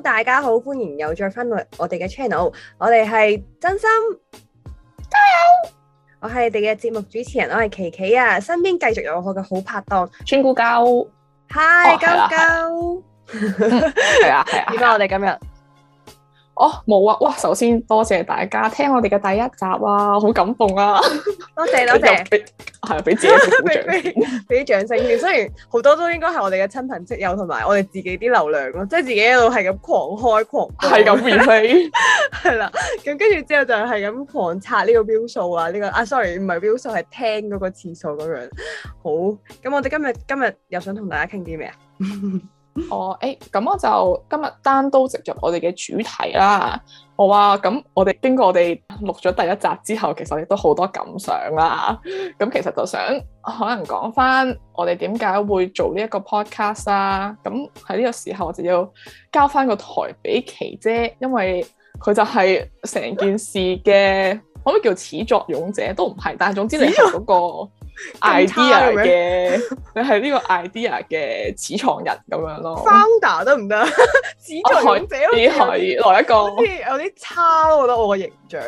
大家好，歡迎又再返嚟我哋嘅 channel，我哋係真心加油，我係你哋嘅節目主持人，我係琪琪啊，身邊繼續有我嘅好拍檔川姑鳩，Hi 鳩鳩，哦，係啊係啊，點解我哋今日。哦，冇啊！哇，首先多謝大家聽我哋嘅第一集啊，好感動啊！多謝多謝，係俾、啊、自己啲掌， 掌聲先，雖然好多都應該係我哋嘅親朋戚友同埋我哋自己啲流量咯，即係自己一路係咁狂開狂，係咁免費，係啦。咁跟住之後就係咁狂刷呢個標數啊，呢、這個啊，sorry，唔係標數，係聽嗰個次數咁樣。好，咁我哋今日今日又想同大家傾啲咩啊？ 哦，哎、欸，咁我就今日單刀直入我哋嘅主題啦。我話咁，我哋經過我哋錄咗第一集之後，其實亦都好多感想啦。咁其實就想可能講翻我哋點解會做呢一個 podcast 啊。咁喺呢個時候我就要交翻個台俾琪姐，因為佢就係成件事嘅 可唔可以叫始作俑者都唔係，但係總之你嗰個。 idea 嘅的，你係呢個 idea 嘅始創人咁樣咯，founder 得唔得？Er, 行行 始創者咯，你係 來一個，好似有啲差咯，我覺得我個形象。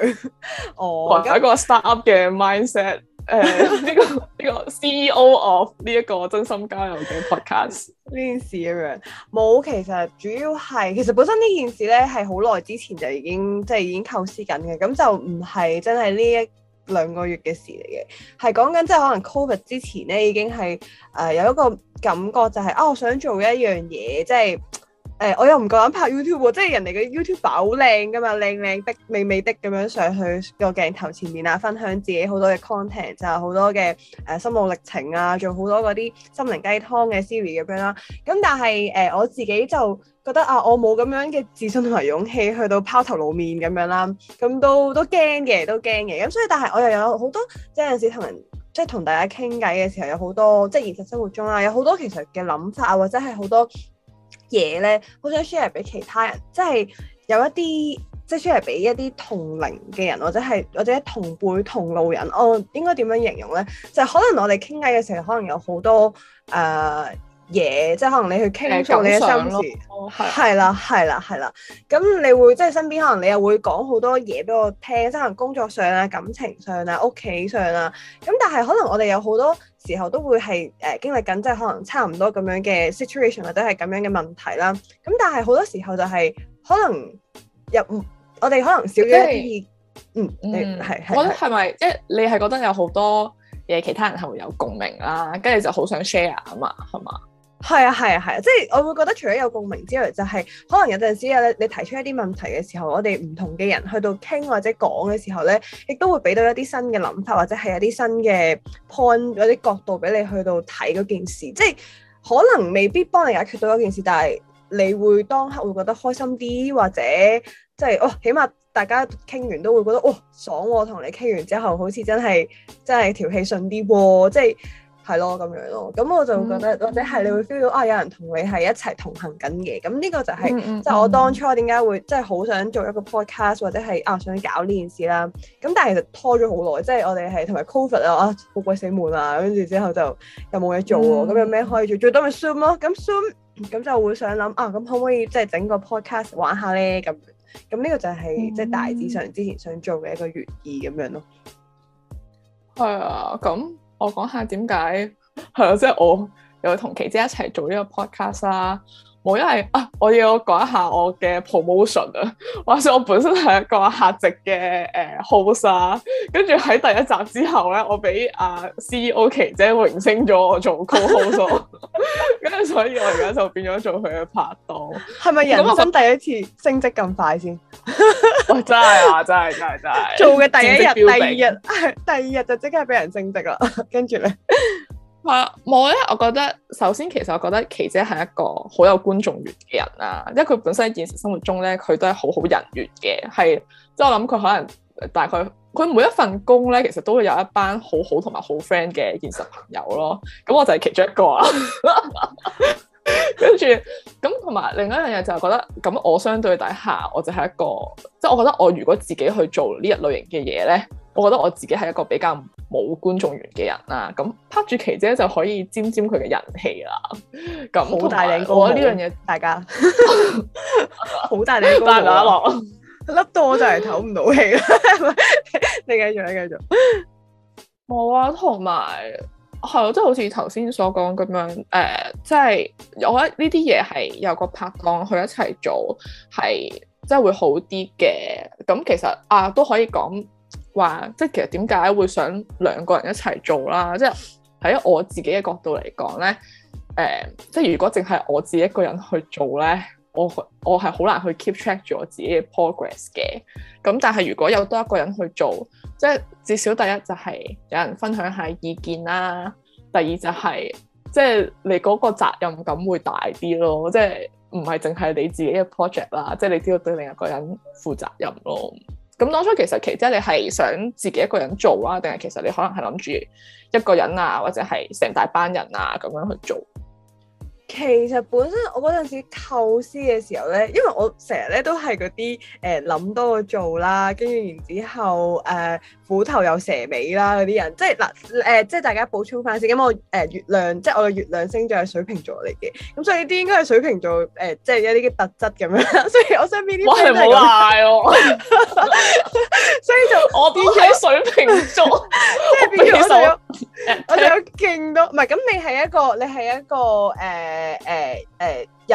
哦，來一個 startup 嘅 mindset，誒，呢 個呢、 uh, 這個， 個 CEO of 呢一個真心交友嘅 podcast 呢 件事咁樣，冇，其實主要係，其實本身呢件事咧係好耐之前就已經即係已經構思緊嘅，咁就唔係真係呢一。兩個月嘅事嚟嘅，係講緊即係可能 Covid 之前咧已經係誒、呃、有一個感覺就係、是、啊，我想做一樣嘢，即、就、係、是。誒、欸，我又唔夠膽拍 YouTube、啊、即係人哋嘅 YouTube 好靚噶嘛，靚靚的、美美的咁樣上去個鏡頭前面啊，分享自己好多嘅 content，就係好多嘅誒、呃、心路歷程啊，做好多嗰啲心靈雞湯嘅 series 咁樣啦。咁但係誒、呃，我自己就覺得啊，我冇咁樣嘅自信同埋勇氣去到拋頭露面咁樣啦，咁都都驚嘅，都驚嘅。咁所以但係我又有好多即係有陣時同人，即係同大家傾偈嘅時候，有好多即係現實生活中啦、啊，有好多其實嘅諗法啊，或者係好多，嘢咧，好想 share 俾其他人，即係有一啲，即係 share 俾一啲同齡嘅人，或者係或者同輩同路人。我、哦、應該點樣形容咧？就係、可能我哋傾偈嘅時候，可能有好多誒。呃嘢，即係可能你去傾訴你嘅心事，係啦、嗯，係啦，係啦。咁你會即係身邊可能你又會講好多嘢俾我聽，即係可能工作上啊、感情上啊、屋企上啊。咁但係可能我哋有好多時候都會係誒經歷緊，即係可能差唔多咁樣嘅 situation 或者係咁樣嘅問題啦。咁但係好多時候就係可能又唔，我哋可能少咗啲，是嗯，係係、嗯。我覺得係咪即係你係覺得有好多嘢其他人係會有共鳴啦，跟住就好想 share 啊嘛，係嘛？係啊，係啊，係啊！即係我會覺得除咗有共鳴之外，就係可能有陣時咧，你提出一啲問題嘅時候，我哋唔同嘅人去到傾或者講嘅時候咧，亦都會俾到一啲新嘅諗法，或者係一啲新嘅 point 或者角度俾你去到睇嗰件事。即係可能未必幫你解決到嗰件事，但係你會當刻會覺得開心啲，或者即係哦，起碼大家傾完都會覺得哦，爽喎！同你傾完之後，好似真係真係條氣順啲喎，即係。係咯咁樣咯，咁我就會覺得，或者係你會 feel 到啊，有人同你係一齊同行緊嘅。咁呢個就係即係我當初點解會即係好想做一個 podcast 或者係啊想搞呢件事啦。咁但係其實拖咗好耐，即、嗯、係我哋係同埋 COVID 啊，好鬼死悶啊，跟住之後就又冇嘢做，咁有咩可以做？最多咪 Zoom 咯，咁 Zoom 咁就會想諗啊，咁可唔可以即係整個 podcast 玩下咧？咁咁呢個就係即係大致上之前想做嘅一個願意咁樣咯。係啊、嗯，咁。對我講下點解係啊，即係、就是、我又同琪姐一齊做呢個 podcast 啦。冇，因為啊，我要講一下我嘅 promotion 啊。話說我本身係一個客席嘅誒 host 啊，跟住喺第一集之後咧，我俾啊、uh, CEO 琦姐榮升咗我做 co-host，跟住 所以我而家就變咗做佢嘅拍檔。係咪人生第一次升職咁快先？ 哇！真係啊！真係真係真係。真 做嘅第一日、第二日、第二日就即刻俾人升職啦，跟住咧。 啊，冇咧、嗯。我覺得首先其實我覺得琪姐係一個好有觀眾緣嘅人啦，因為佢本身喺現實生活中咧，佢都係好好人緣嘅，係即係我諗佢可能大概佢每一份工咧，其實都會有一班好好同埋好 friend 嘅現實朋友咯。咁我就係其中一個啦。 跟住咁同埋另外一樣嘢就係覺得咁我相對底下我就係一個，即、就、係、係、我覺得我如果自己去做呢一類型嘅嘢咧，我覺得我自己係一個比較。冇觀眾緣嘅人啦，咁拍住其姐就可以沾沾佢嘅人氣啦。咁好大嘅，我覺得呢樣嘢大家好 大嘅。八拿落，甩到我就嚟唞唔到氣啦！ 你繼續，你繼續。冇啊，同埋係我即係好似頭先所講咁樣，誒、呃，即係我覺得呢啲嘢係有個拍檔去一齊做，係即係會好啲嘅。咁其實啊，都可以講。話即係其實點解會想兩個人一齊做啦？即係喺我自己嘅角度嚟講咧，誒、呃，即係如果淨係我自己一個人去做咧，我我係好難去 keep track 住我自己嘅 progress 嘅。咁但係如果有多一個人去做，即係至少第一就係有人分享下意見啦，第二就係即係你嗰個責任感會大啲咯。即係唔係淨係你自己嘅 project 啦，即係你都要對另一個人負責任咯。.咁當初其實，其實你係想自己一個人做啊，定係其實你可能係諗住一個人啊，或者係成大班人啊咁樣去做？其實本身我嗰陣時構思嘅時候咧，因為我成日咧都係嗰啲誒諗多過做啦，跟住然之後誒虎頭有蛇尾啦嗰啲人，即係嗱誒，即係大家補充翻先。咁我誒月亮，即係我嘅月亮星座係水瓶座嚟嘅，咁所以呢啲應該係水瓶座誒，即係一啲嘅特質咁樣。所以我上面啲，我係冇賴喎，所以就我變咗水瓶座，即係變咗我有我有勁多，唔係咁你係一個你係一個誒。誒誒誒，有、呃呃呃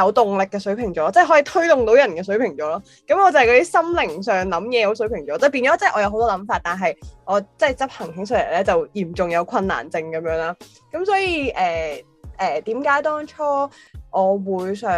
呃、動力嘅水瓶座，即係可以推動到人嘅水瓶座咯。咁我就係嗰啲心靈上諗嘢好水瓶座，即係變咗即係我有好多諗法，但係我即係執行起上嚟咧就嚴重有困難症咁樣啦。咁、嗯、所以誒誒，點、呃、解、呃、當初我會想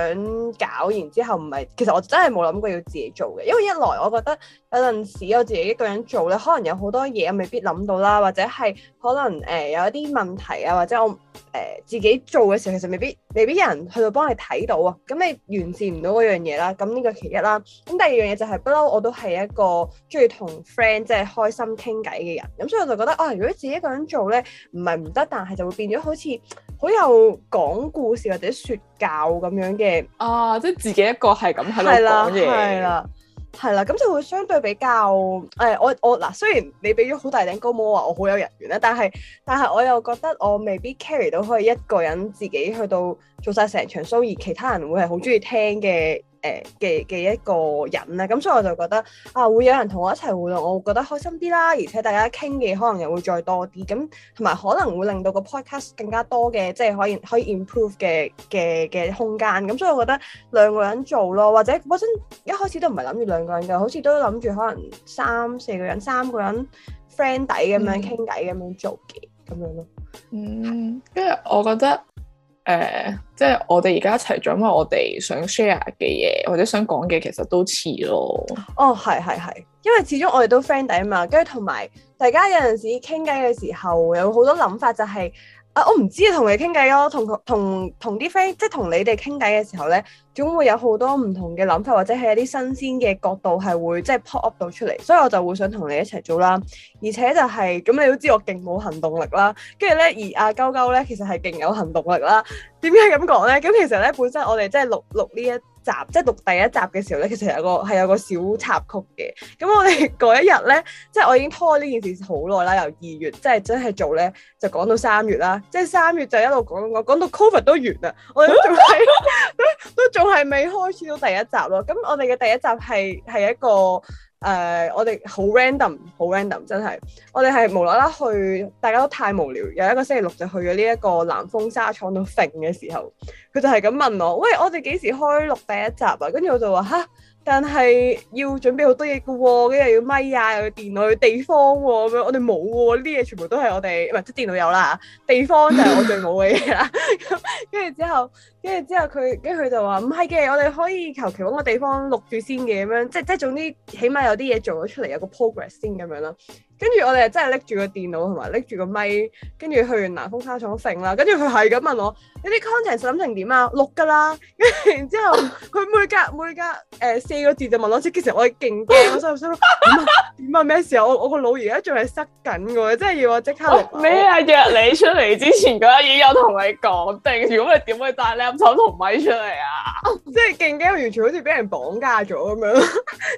搞然之後唔係？其實我真係冇諗過要自己做嘅，因為一來我覺得。有陣時我自己一個人做咧，可能有好多嘢未必諗到啦，或者係可能誒、呃、有一啲問題啊，或者我誒、呃、自己做嘅時候其實未必未必有人去到幫你睇到啊，咁你完善唔到嗰樣嘢啦，咁呢個其一啦。咁第二樣嘢就係不嬲我都係一個中意同 friend 即係開心傾偈嘅人，咁所以我就覺得啊、呃，如果自己一個人做咧唔係唔得，但係就會變咗好似好有講故事或者説教咁樣嘅啊，即係自己一個係咁喺度講嘢？係啦，係啦。係啦，咁就會相對比較誒、哎，我我嗱，雖然你俾咗好大頂高帽話我好有人緣咧，但係但係我又覺得我未必 carry 到可以一個人自己去到做晒成場 show，而其他人會係好中意聽嘅。誒嘅嘅一個人咧，咁所以我就覺得啊，會有人同我一齊互動，我會覺得開心啲啦。而且大家傾嘅可能又會再多啲，咁同埋可能會令到個 podcast 更加多嘅，即係可以可以 improve 嘅嘅嘅空間。咁所以我覺得兩個人做咯，或者本身一開始都唔係諗住兩個人嘅，好似都諗住可能三四個人，三個人 friend 底咁樣傾偈咁樣做嘅咁樣咯。嗯，因為我覺得。誒、呃，即係我哋而家一齊做，因為我哋想 share 嘅嘢或者想講嘅，其實都似咯。哦，係係係，因為始終我哋都 friend 底啊嘛，跟住同埋大家有陣時傾偈嘅時候，有好多諗法就係、是。我唔知啊，同你傾偈咯，同同同啲 friend，即係同你哋傾偈嘅時候咧，總會有好多唔同嘅諗法，或者係一啲新鮮嘅角度係會即係 pop up 到出嚟，所以我就會想同你一齊做啦。而且就係咁，你都知我勁冇行動力啦，跟住咧而阿鳩鳩咧，其實係勁有行動力啦。點解咁講咧？咁其實咧，本身我哋即係錄錄呢一。集即係讀第一集嘅時候咧，其實有個係有個小插曲嘅。咁我哋嗰一日咧，即係我已經拖呢件事好耐啦。由二月即係真係做咧，就講到三月啦。即係三月就一路講講講到 cover 都完啦。我哋 都仲係都都仲係未開始到第一集咯。咁我哋嘅第一集係係一個。誒、uh，我哋好 random，好 random，真係，我哋係無啦啦去，大家都太無聊，有一個星期六就去咗呢一個南豐紗廠度揈嘅時候，佢就係咁問我，喂，我哋幾時開錄第一集啊？跟住我就話嚇，但係要準備好多嘢㗎喎，跟住要咪啊，有、啊、電腦，有地方喎、啊，咁樣我哋冇喎，啲嘢全部都係我哋，唔係即電腦有啦，地方就係我最冇嘅嘢啦，跟住 之後。跟住之後佢，跟住佢就話唔係嘅，我哋可以求其揾個地方錄住先嘅咁樣，即即總之起碼，起碼有啲嘢做咗出嚟有個 progress 先咁樣啦。跟住我哋係真係拎住個電腦同埋拎住個咪，跟住去完南風沙廠揈啦。跟住佢係咁問我：你啲 content 諗成點啊？錄㗎啦。跟住然之後，佢 每格每格誒、呃、四個字就問我，即其實我係勁驚我心入心點啊咩時候我我個腦而家仲係塞緊嘅喎，真係要我即刻嚟。咩啊、哦？約你出嚟之前嗰一嘢，有同你講定。如果你點會答咧？攞桶同咪出嚟啊！即係勁驚，完全好似俾人綁架咗咁樣，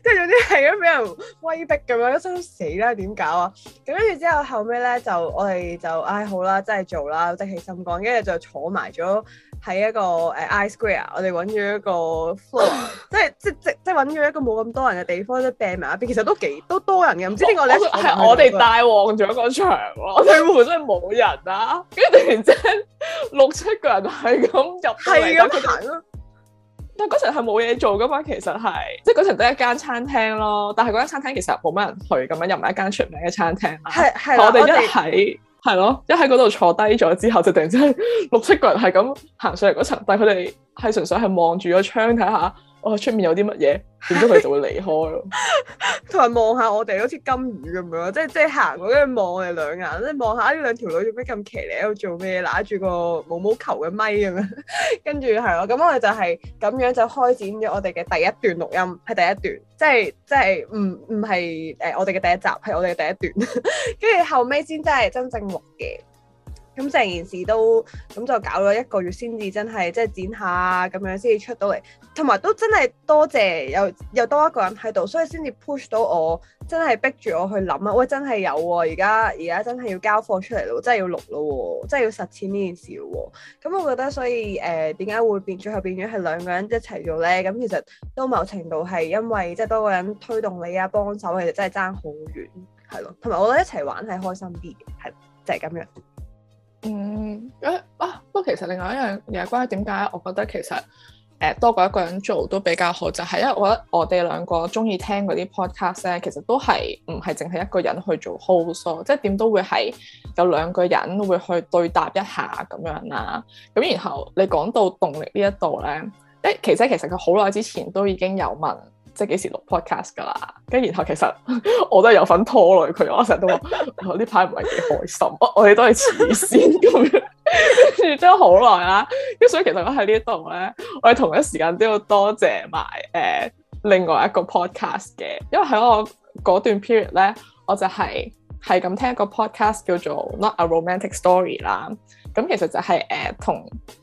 即係總之係咁俾人威逼咁樣，一心想死啦，點搞啊？咁跟住之後後尾咧，就我哋就唉好啦，真係做啦，積起心肝，跟住就坐埋咗喺一個誒、uh, iSquare，我哋搵咗一個 floor， 即係即即即搵咗一個冇咁多人嘅地方，都匿埋一邊，其實都幾都多人嘅，唔知點解係我哋大旺咗個場咯， 我哋會唔會真係冇人啊？跟住突然之間。六七個人係咁入嚟等佢咯，的就但係嗰層係冇嘢做噶嘛。其實係，即係嗰層得一間餐廳咯。但係嗰間餐廳其實冇乜人去，咁樣又唔係一間出名嘅餐廳啦。係係，我哋一喺係咯，一喺嗰度坐低咗之後，就突然之間六七個人係咁行上嚟嗰層，但係佢哋係純粹係望住個窗睇下。我出、哦、面有啲乜嘢，點都佢就會離開咯，同埋望下我哋好似金魚咁樣，即係即係行過跟住望我哋兩眼，即係望下呢兩條女做咩咁騎呢喺度做咩，拿住個毛毛球嘅咪咁樣，跟住係咯，咁我哋就係咁樣就開展咗我哋嘅第一段錄音，係第一段，即係即係唔唔係誒我哋嘅第一集，係我哋嘅第一段，跟 住後尾先真係真正錄嘅。咁成件事都咁就搞咗一個月先至真係，即係剪下咁樣先至出到嚟，同埋都真係多謝又又多一個人喺度，所以先至 push 到我，真係逼住我去諗啊！喂，真係有喎，啊，而家而家真係要交貨出嚟咯，真係要錄咯，真係要實踐呢件事咯。咁我覺得所以誒點解會變最後變咗係兩個人一齊做咧？咁其實都某程度係因為即係多個人推動你啊，幫手其實真係爭好遠，係咯。同埋我覺得一齊玩係開心啲嘅，係就係、是、咁樣。嗯，啊！不過其實另外一樣嘢，關於點解，我覺得其實誒、呃、多過一個人做都比較好，就係、是、因為我覺得我哋兩個中意聽嗰啲 podcast 咧，其實都係唔係淨係一個人去做 host，即係點都會係有兩個人會去對答一下咁樣啦。咁然後你講到動力呢一度咧，即係其實其實佢好耐之前都已經有問。即幾時錄 podcast 噶啦？跟然後其實 我都係有份拖累佢，我成日都話呢排唔係幾開心。 啊、我哋都係黐線咁樣，跟住都好耐啦。跟 所以其實我喺呢度咧，我係同一時間都要多謝埋誒、呃、另外一個 podcast 嘅，因為喺我嗰段 period 咧，我就係係咁聽一個 podcast 叫做 Not a Romantic Story 啦。咁其實就係誒同。呃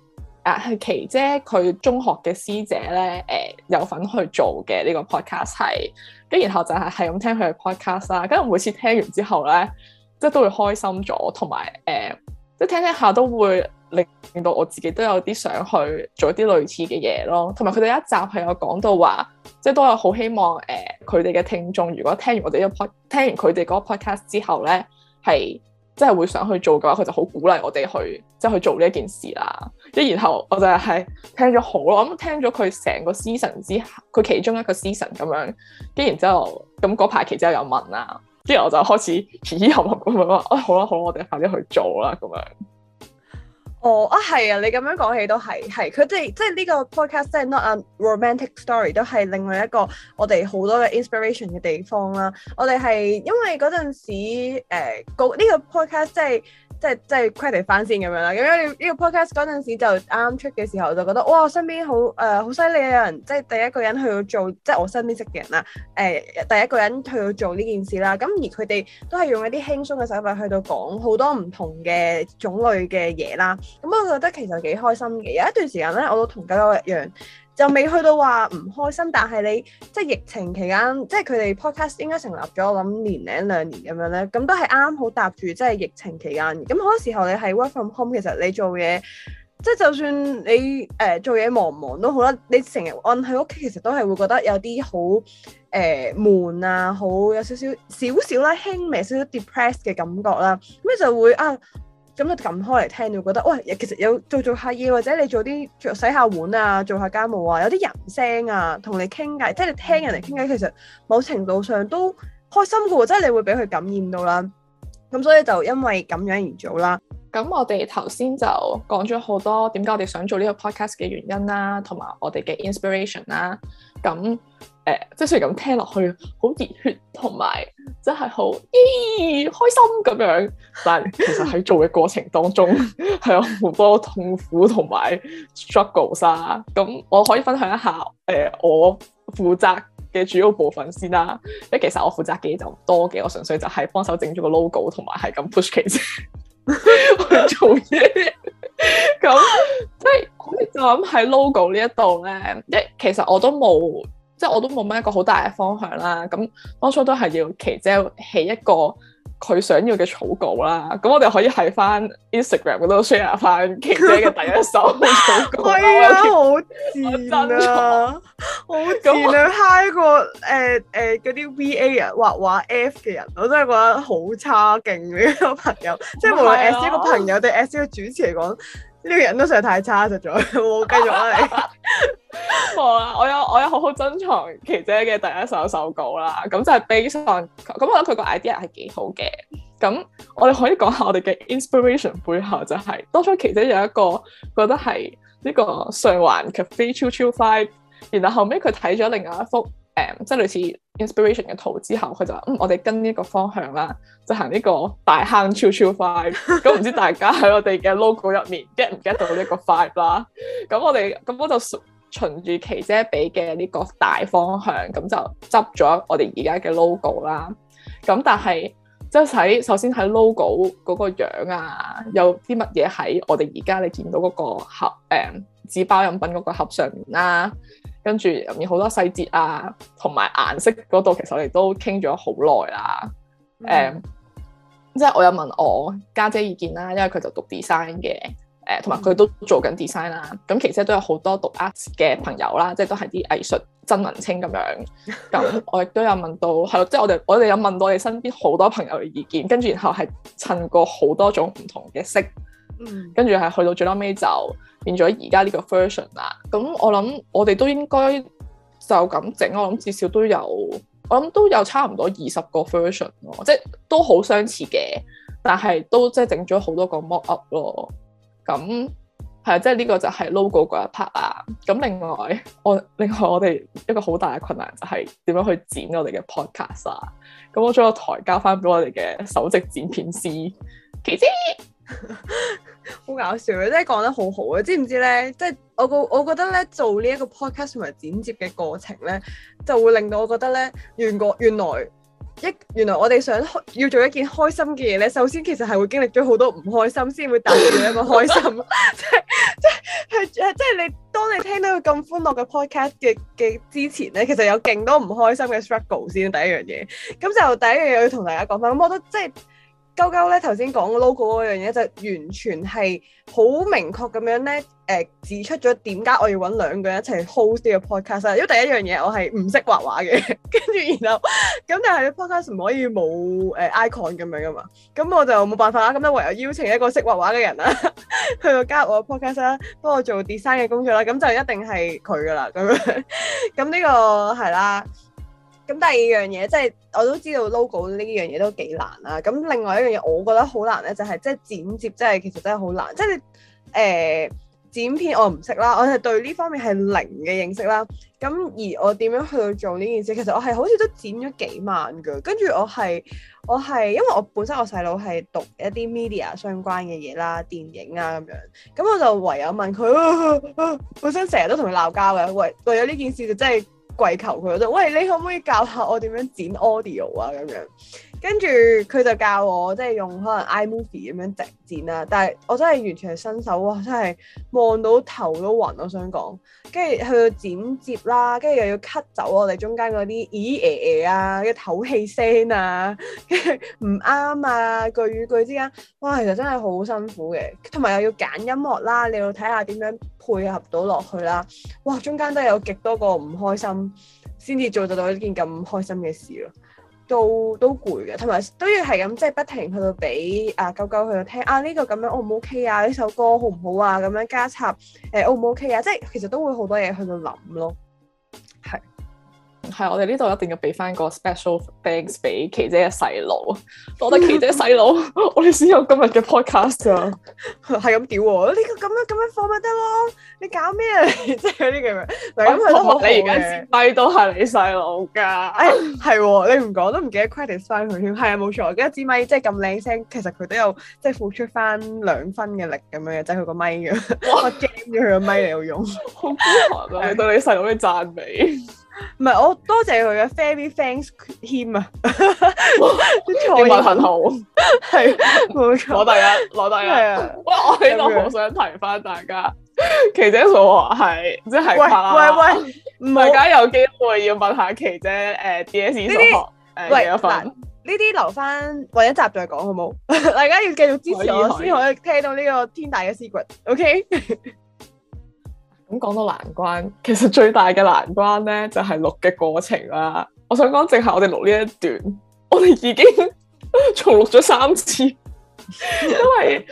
啊，係琪姐佢中學嘅師姐咧，誒、呃、有份去做嘅呢、這個 podcast 係，跟然後就係係咁聽佢嘅 podcast 啦。跟住每次聽完之後咧，即係都會開心咗，同埋誒，即係聽聽下都會令到我自己都有啲想去做啲類似嘅嘢咯。同埋佢哋一集係有講到話，即係都有好希望誒佢哋嘅聽眾，如果聽完我哋嘅 p 完佢哋嗰個 podcast 之後咧，係。真係會想去做嘅話，佢就好鼓勵我哋去，即、就、係、是、去做呢一件事啦。即然、就是、然、然、然後我就係聽咗好咯，我諗聽咗佢成個 season 之，佢其中一個 season 咁樣。跟然之後，咁嗰排期之後又問啦，跟住我就開始嘻嘻哈哈咁樣話，哎，好啦好啦，我哋快啲去做啦咁樣。哦啊，係啊！你咁樣講起都係，係佢哋即係呢個 podcast，即係 not a romantic story，都係另外一個我哋好多嘅 inspiration 嘅地方啦。我哋係因為嗰陣時誒，個呢個 podcast 即係。即係即係 credit 翻先咁樣啦，咁樣呢個 podcast 嗰陣時就啱出嘅時候就，剛剛時候我就覺得哇我身邊好誒好犀利，有人即係第一個人去到做即係我身邊識嘅人啦，誒、呃、第一個人去到做呢件事啦，咁而佢哋都係用一啲輕鬆嘅手法去到講好多唔同嘅種類嘅嘢啦，咁我覺得其實幾開心嘅，有一段時間咧我都同大家一樣。就未去到話唔開心，但係你即係疫情期間，即係佢哋 podcast 應該成立咗，我諗年零兩年咁樣咧，咁都係啱好搭住，即係疫情期間。咁好多時候你係 work from home，其實你做嘢，即係就算你誒、呃、做嘢忙唔忙都好啦，你成日按喺屋企，其實都係會覺得有啲好誒悶啊，好有少少少少啦，輕微少少 depressed 嘅感覺啦，咁你就會啊～咁就撳開嚟聽，你會覺得哇！其實有做做下嘢，或者你做啲洗下碗啊，做下家務啊，有啲人聲啊，同你傾偈，即係你聽人嚟傾偈，其實某程度上都開心噶，即係你會俾佢感染到啦。咁所以就因為咁樣而做啦。咁我哋頭先就講咗好多點解我哋想做呢個 podcast 嘅原因啦、啊，同埋我哋嘅 inspiration 啦、啊。咁誒，即係雖然咁聽落去好熱血，同埋真係好咦開心咁樣，但其實喺做嘅過程當中係有好 多痛苦同埋 struggles 啦。咁我可以分享一下誒、呃，我負責嘅主要部分先啦。因為其實我負責嘅嘢，就唔多嘅，我純粹就係幫手整咗個 logo，同埋係咁 push 佢先 去做嘢事。咁即係就諗喺 logo 呢一度咧，一其實我都冇。即係我都冇乜一個好大嘅方向啦，咁當初都係要奇姐起一個佢想要嘅草稿啦，咁我哋可以喺返 Instagram 嗰度 share 返奇姐嘅第一首 草稿。 我覺得 好賤啊！ 好賤你蝦一個誒誒嗰啲 VA 人畫畫 F 嘅人，我真係覺得好差勁嘅 一個朋友。即係 無論 S 一個朋友定 S 一個主持嚟講。 呢個人都成日太差，實在冇繼續啦、啊。你冇啦， 我有我有好好珍藏琪姐嘅第一首手稿啦。咁就係 based on，咁我覺得佢個 idea 係幾好嘅。咁我哋可以講下我哋嘅 inspiration 背後就係、是、當初琪姐有一個覺得係呢個上環 cafe 超超快，Choo Choo Five, 然後後尾佢睇咗另外一幅。誒，即係類似 inspiration 嘅圖之後，佢就話：嗯，我哋跟呢一個方向啦，就行呢個大坑超超快。咁唔知大家喺我哋嘅 logo 入面，get 唔 get 到呢個 five 啦？ 咁我哋咁我就循住奇姐俾嘅呢個大方向，咁就執咗我哋而家嘅 logo 啦。咁但係即係喺首先喺 logo 嗰個樣啊，有啲乜嘢喺我哋而家你見到嗰個盒誒、嗯、紙包飲品嗰個盒上面啦、啊。跟住入面好多細節啊，同埋顏色嗰度其實我哋都傾咗好耐啦。誒、mm hmm. 嗯，即係我有問我家姐，姐意見啦，因為佢就讀 design 嘅，誒、嗯，同埋佢都做緊 design 啦。咁其實都有好多讀 art 嘅朋友啦，即係都係啲藝術真文青咁樣。咁、mm hmm. 我亦都有問到，係咯， 即係我哋我哋有問到你身邊好多朋友嘅意見，跟住然後係襯過好多種唔同嘅色。嗯跟住係去到最 last 尾就變咗而家呢個 version 啦。咁我諗我哋都應該就咁整，我諗至少都有，我諗都有差唔多二十個 version 咯，即係都好相似嘅，但係都即係整咗好多個 mock up 咯。咁係即係呢個就係 logo 嗰一 part 啊。咁另，另外我另外我哋一個好大嘅困難就係點樣去剪我哋嘅 podcast 啊。咁我將個台交翻俾我哋嘅首席剪片師琪姐。 好搞笑，即係講得好好啊！知唔知咧？即係我個，我覺得咧做呢一個 podcast 同埋剪接嘅過程咧，就會令到我覺得咧，原個原來一原來我哋想要做一件開心嘅嘢咧，首先其實係會經歷咗好多唔開心，先會達到一個開心。即係即係係即係你當你聽到咁歡樂嘅 podcast 嘅嘅之前咧，其實有勁多唔開心嘅 struggle 先第一樣嘢。咁就第一樣嘢要同大家講翻。咁我都即係。就是鳩鳩咧頭先講個 logo 嗰樣嘢就完全係好明確咁樣咧誒、呃、指出咗點解我要揾兩個人一齊 host 呢個 podcast，因為第一樣嘢我係唔識畫畫嘅，跟 住然後咁但係 podcast 唔可以冇誒、呃、icon 咁樣噶嘛，咁我就冇辦法啦，咁就唯有邀請一個識畫畫嘅人啦、啊、 去到加入我 podcast 啦，幫我做 design 嘅工作啦，咁就一定係佢噶啦咁樣，咁 呢、呢個係啦。咁第二樣嘢，即係我都知道 logo 呢樣嘢都幾難啦。咁另外一樣嘢，我覺得好難咧，就係即係剪接，即係其實真係好難。即係誒、呃、剪片我，我唔識啦，我係對呢方面係零嘅認識啦。咁而我點樣去做呢件事？其實我係好似都剪咗幾萬噶。跟住我係我係，因為我本身我細佬係讀一啲 media 相關嘅嘢啦，電影啊咁樣。咁我就唯有問佢、啊啊啊，本身成日都同佢鬧交嘅，為為咗呢件事就真、係、係。跪求佢，我覺得，喂，你可唔可以教下我點樣剪 audio 啊？咁樣，跟住佢就教我，即係用可能 iMovie 咁樣直剪啦。但係我真係完全係新手啊，真係望到頭都暈。我想講，跟住去剪接啦，跟住又要 cut 走我哋中間嗰啲咦誒誒啊嘅唞氣聲啊，跟住唔啱啊，句與句之間，哇，其實真係好辛苦嘅，同埋又要揀音樂啦，你要睇下點樣。配合到落去啦，哇！中間都有極多個唔開心，先至做得到一件咁開心嘅事咯，都都攰嘅，同埋都要係咁即係不停去到俾啊狗狗去到聽啊，呢個咁樣 O 唔 O K 啊？呢首歌好唔好啊？咁樣加插誒 O 唔 O K 啊，即係其實都會好多嘢去到諗咯。係，我哋呢度一定要俾翻個 special thanks 俾琪姐嘅細佬，多得琪姐細佬，我哋先有今日嘅 podcast 啊！係咁屌喎，呢個咁樣咁樣放咪得咯，你搞咩、 啊嗯？即係呢個咩？你而家支咪都係你細佬噶，係喎，你唔講都唔記得 credit 翻佢添，係啊，冇錯，而家一支咪即係咁靚聲，其實佢都有即係付出翻兩分嘅力咁樣，即係佢個咪。嘅。哇，驚咗佢個咪嚟用， 好孤寒怖 你對你細佬嘅讚美。唔係我多謝佢嘅 very thanks him 啊 了，英文很好，係冇錯，攞第一，攞第一。啊、喂！我喺度好想提翻大家，奇姐數學係，即係發啦喂喂喂，喂喂 大家有機會要問下奇姐誒、呃、，DSE 數學誒嘅分。喂，呢啲留翻揾一集再講好冇？ 大家要繼續支持以我先可,可以聽到呢個天大嘅 secret，OK？、Okay? 咁講到難關，其實最大嘅難關咧就係錄嘅過程啦。我想講，淨係我哋錄呢一段，我哋已經重錄咗三次， 因為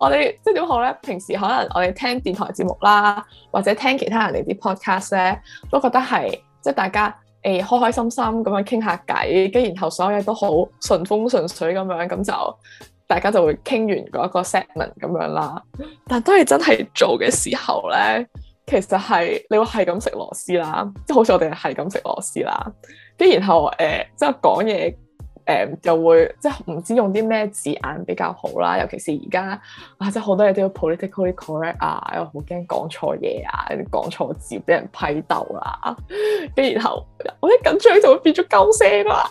我哋即係點講咧？平時可能我哋聽電台節目啦，或者聽其他人哋啲 podcast 咧，都覺得係即係大家誒、欸、開開心心咁樣傾下偈，跟然後所有嘢都好順風順水咁樣，咁就大家就會傾完嗰一個 segment 咁樣啦。但係當係真係做嘅時候咧。其實係你會係咁食螺絲啦，即係好似我哋係咁食螺絲啦。跟然後誒、呃，即係講嘢誒，又、呃、會即係唔知用啲咩字眼比較好啦。尤其是而家啊，即係好多嘢都要 politically correct 啊，又好驚講錯嘢啊，講錯字俾人批鬥啊。跟然後我一緊張就會變咗鳩聲啦。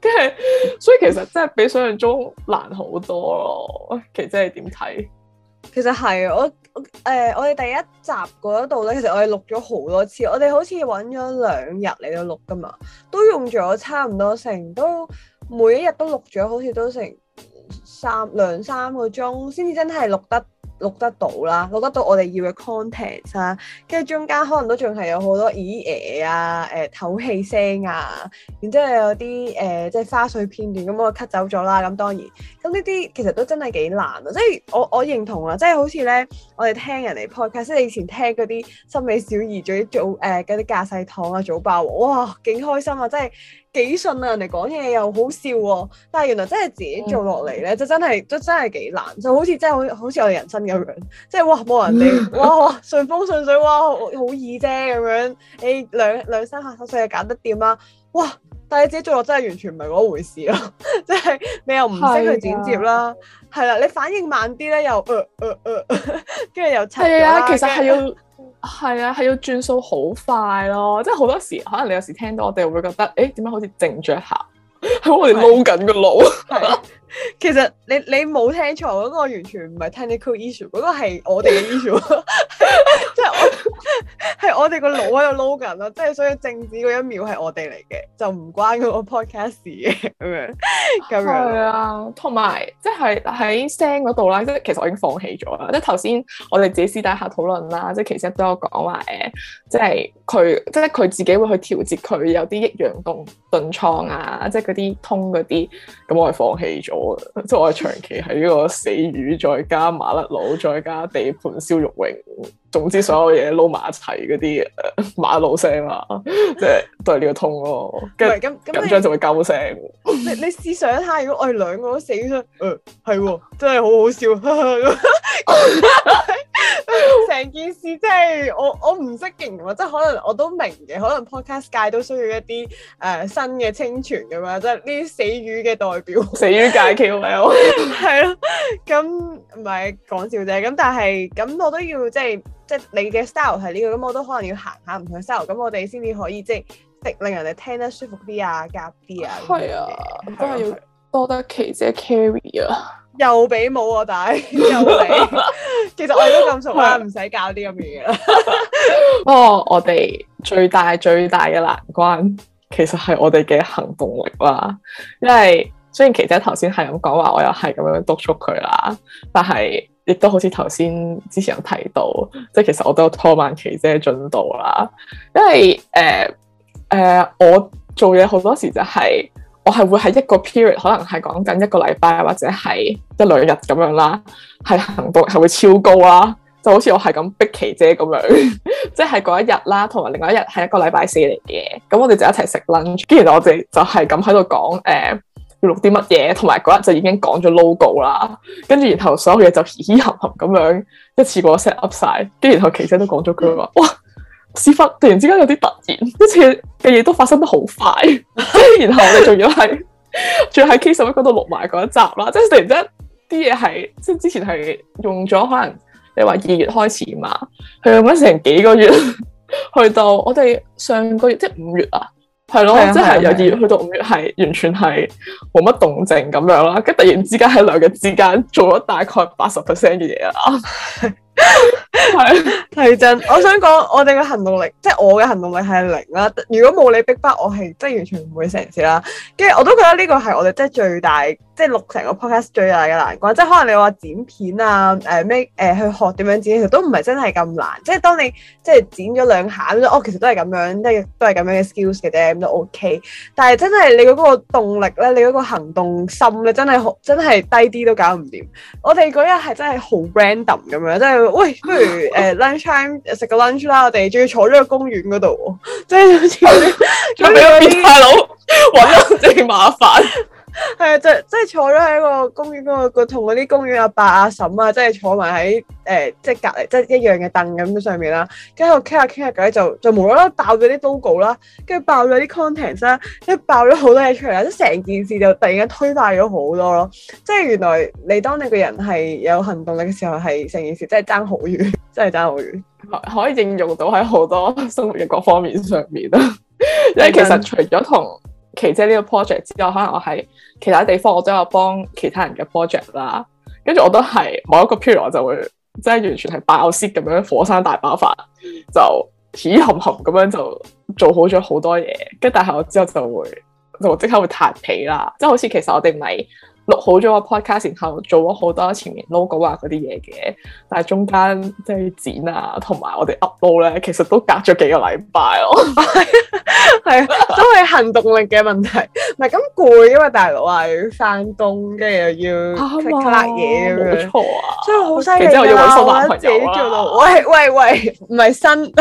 跟 係所以其實真係比想象中難好多咯。其實係點睇？其實係我。誒、呃，我哋第一集嗰度咧，其實我哋錄咗好多次，我哋好似揾咗兩日嚟到錄㗎嘛，都用咗差唔多成，都每一日都錄咗，好似都成三兩三個鐘，先至真係錄得。錄得到啦，錄得到我哋要嘅 content 啦，跟住中間可能都仲係有好多咦嘢啊，誒、呃、唞氣聲啊，然之後有啲誒、呃、即係花絮片段咁我 cut 走咗啦，咁當然，咁呢啲其實都真係幾難啊，即係我我認同啊，即係好似咧我哋聽人哋 podcast，即係你以前聽嗰啲森美小儀做誒嗰啲架勢堂啊、早爆喎，哇，幾開心啊，真係～幾順啊！人哋講嘢又好笑喎、啊，但係原來真係自己做落嚟咧，就真係都真係幾難，就好似真係好好似我哋人生咁樣，即係哇望人哋、嗯、哇順順哇順風順水哇好，好，好易啫咁樣，誒兩兩三下手勢就搞得掂啦，哇！但係你自己做落真係完全唔係嗰回事咯， 即係你又唔識去剪接啦，係啦的、啊，你反應慢啲咧又呃呃呃，跟、呃、住、呃、又係啊，其實佢有後。係啊，係要轉數好快咯，即係好多時，可能你有時聽到我哋，會覺得誒，點、欸、解好似靜咗一下，係我哋撈緊個路。 其實你你冇聽錯，嗰、那個完全唔係 technical issue，嗰個係我哋嘅 issue，即係我係我哋個腦喺度 Logan 咯，即係所以政治嗰一秒係我哋嚟嘅，就唔關嗰個 podcast 嘅，咁樣咁樣。係啊，同埋即係喺聲嗰度啦，即、就、係、是、其實我已經放棄咗啦，即係頭先我哋自己私底下討論啦，即、就、係、是、其實都有講話，誒、就是，即係佢即係佢自己會去調節佢有啲抑陽動鈍瘡啊，即係嗰啲通嗰啲，咁我哋放棄咗。即係 我係長期喺呢個死魚，再加馬甩佬，再加地盤燒肉榮，總之所有嘢撈埋一齊嗰啲馬甩佬聲嘛，即係對料痛咯，哦，跟住咁緊張就會鳩聲。你你試想一下，如果我哋兩個都死咗，嗯、呃，係喎、啊，真係好好笑。哈哈 成 件事真係我我唔識形容，即係可能我都明嘅，可能 Podcast 界都需要一啲誒、呃、新嘅清泉咁樣，即係呢啲死魚嘅代表，死魚界 QL 係咯，咁唔係講笑啫， 咁但係咁我都要即係即係你嘅 style 係呢、呢個，咁我都可能要行下唔同嘅 style，咁我哋先至可以、即係、即係即令人哋聽得舒服啲 啊，夾啲啊，係啊，都係要多得奇姐 carry 啊。 又俾冇我大，又俾， 其實我哋都咁熟啦，唔使 搞啲咁嘢啦。不 過、哦、我哋最大最大嘅難關，其實係我哋嘅行動力啦。因為雖然琪姐頭先係咁講話，我又係咁樣督促佢啦，但係亦都好似頭先之前有提到，即係其實我都有拖慢琪姐嘅進度啦。因為誒誒、呃呃，我做嘢好多時就係、是。我係會喺一個 period，可能係講緊一個禮拜或者係一兩日咁樣啦，係行動係會超高啦，就好似我係咁逼琪姐咁樣，即係嗰一日啦，同埋另外一日係一個禮拜四嚟嘅，咁我哋就一齊食 lunch，跟住我哋就係咁喺度講，誒、呃，要錄啲乜嘢，同埋嗰日就已經講咗 logo 啦，跟住然後所有嘢就嘻嘻合合咁樣一次過 set up 晒，跟住然後琪姐都講咗句話，哇！事發突然之間有啲突然，好似嘅嘢都發生得好快， 然後我哋仲要係，仲 要喺 K11 嗰度錄埋嗰一集啦，即係突然之間啲嘢係，即係之前係用咗可能你話二月開始嘛，去用咗成幾個月，去到我哋上個月即係五月啊，係咯，即係的由二月去到五月係完全係冇乜動靜咁樣啦，跟住突然之間喺兩日之間做咗大概八十 percent 嘅嘢啊！ 係係 真，我想講我哋嘅行動力，即係我嘅行動力係零啦。如果冇你逼迫，迫，我係即係完全唔會成事啦。跟住我都覺得呢個係我哋即係最大，即係錄成個 podcast 最大嘅難關。即係可能你話剪片啊，誒咩誒去學點樣剪，剪、哦，其實都唔係真係咁難。即係當你即係剪咗兩下，咁其實都係咁樣，即係都係咁樣嘅 skills 嘅啫，咁都 OK。但係真係你嗰個動力咧，你嗰個行動心咧，真係真係低啲都搞唔掂。我哋嗰日係真係好 random 咁樣，即係。喂，不如誒、 呃、lunchtime 食個 lunch 啦，我哋仲要坐咗去公園嗰度，即係好似俾個變態佬揾正麻煩。係啊，即係即係坐咗喺個公園，個個同嗰啲公園阿伯阿嬸啊，即係坐埋喺誒，即係隔籬即係一樣嘅凳咁上面啦，跟住喺度傾下傾下偈，就就無啦啦爆咗啲 logo 啦，跟住爆咗啲 content 啦，即係爆咗好多嘢出嚟啦，即成件事就突然間推快咗好多咯，即係原來你當你個人係有行動力嘅時候，係成件事真係爭好遠，真係爭好遠可，可以應用到喺好多生活嘅各方面上面啊，因為其實除咗同。其姐呢個 project 之後，可能我喺其他地方，我都有幫其他人嘅 project 啦。跟住我都係某一個 period，我就會即係完全係爆泄咁樣火山大爆發，就喜含含咁樣就做好咗好多嘢。跟住但係我之後就會就即刻會塌皮啦，即係好似其實我哋唔係。錄好咗個 podcast，然後做咗好多前面 logo 啊嗰啲嘢嘅，但係中間即係剪啊，同埋我哋 upload 咧，其實都隔咗幾個禮拜咯，係啊 都係行動力嘅問題，唔係咁攰，因為大佬係翻工，跟住又要 cut 嘢咁樣，錯啊，所以好犀利之後要揾新男朋友啦，喂喂喂，唔係新，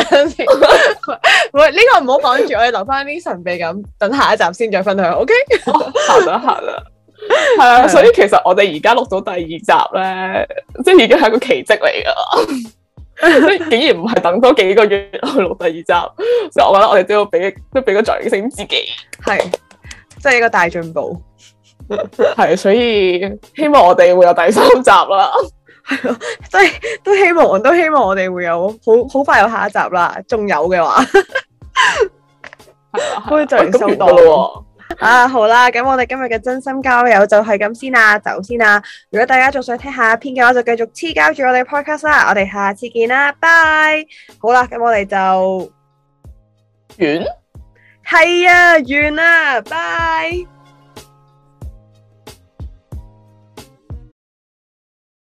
喂呢、這個唔好講住，我哋留翻啲神秘感，等下一集先再分享。O K，好啦下啦。係啊，啊所以其實我哋而家錄到第二集咧，即係已經係個奇蹟嚟噶啦，即係 竟然唔係等多幾個月去錄第二集，所以我覺得我哋都要俾即係俾個掌聲自己，係、啊，即、就、係、係、一個大進步，係、 啊，所以希望我哋會有第三集啦，係咯、 啊，即係都希望，都希望我哋會有好好快有下一集啦，仲有嘅話，嗰個就嚟收到咯。啊，好啦，咁我哋今日嘅真心交友就係咁先啦，走先啦。如果大家仲想聽下一篇嘅話，就繼續黐膠住我哋 podcast 啦。我哋下次見啦，拜。好啦，咁我哋就完？係啊，完啦，拜。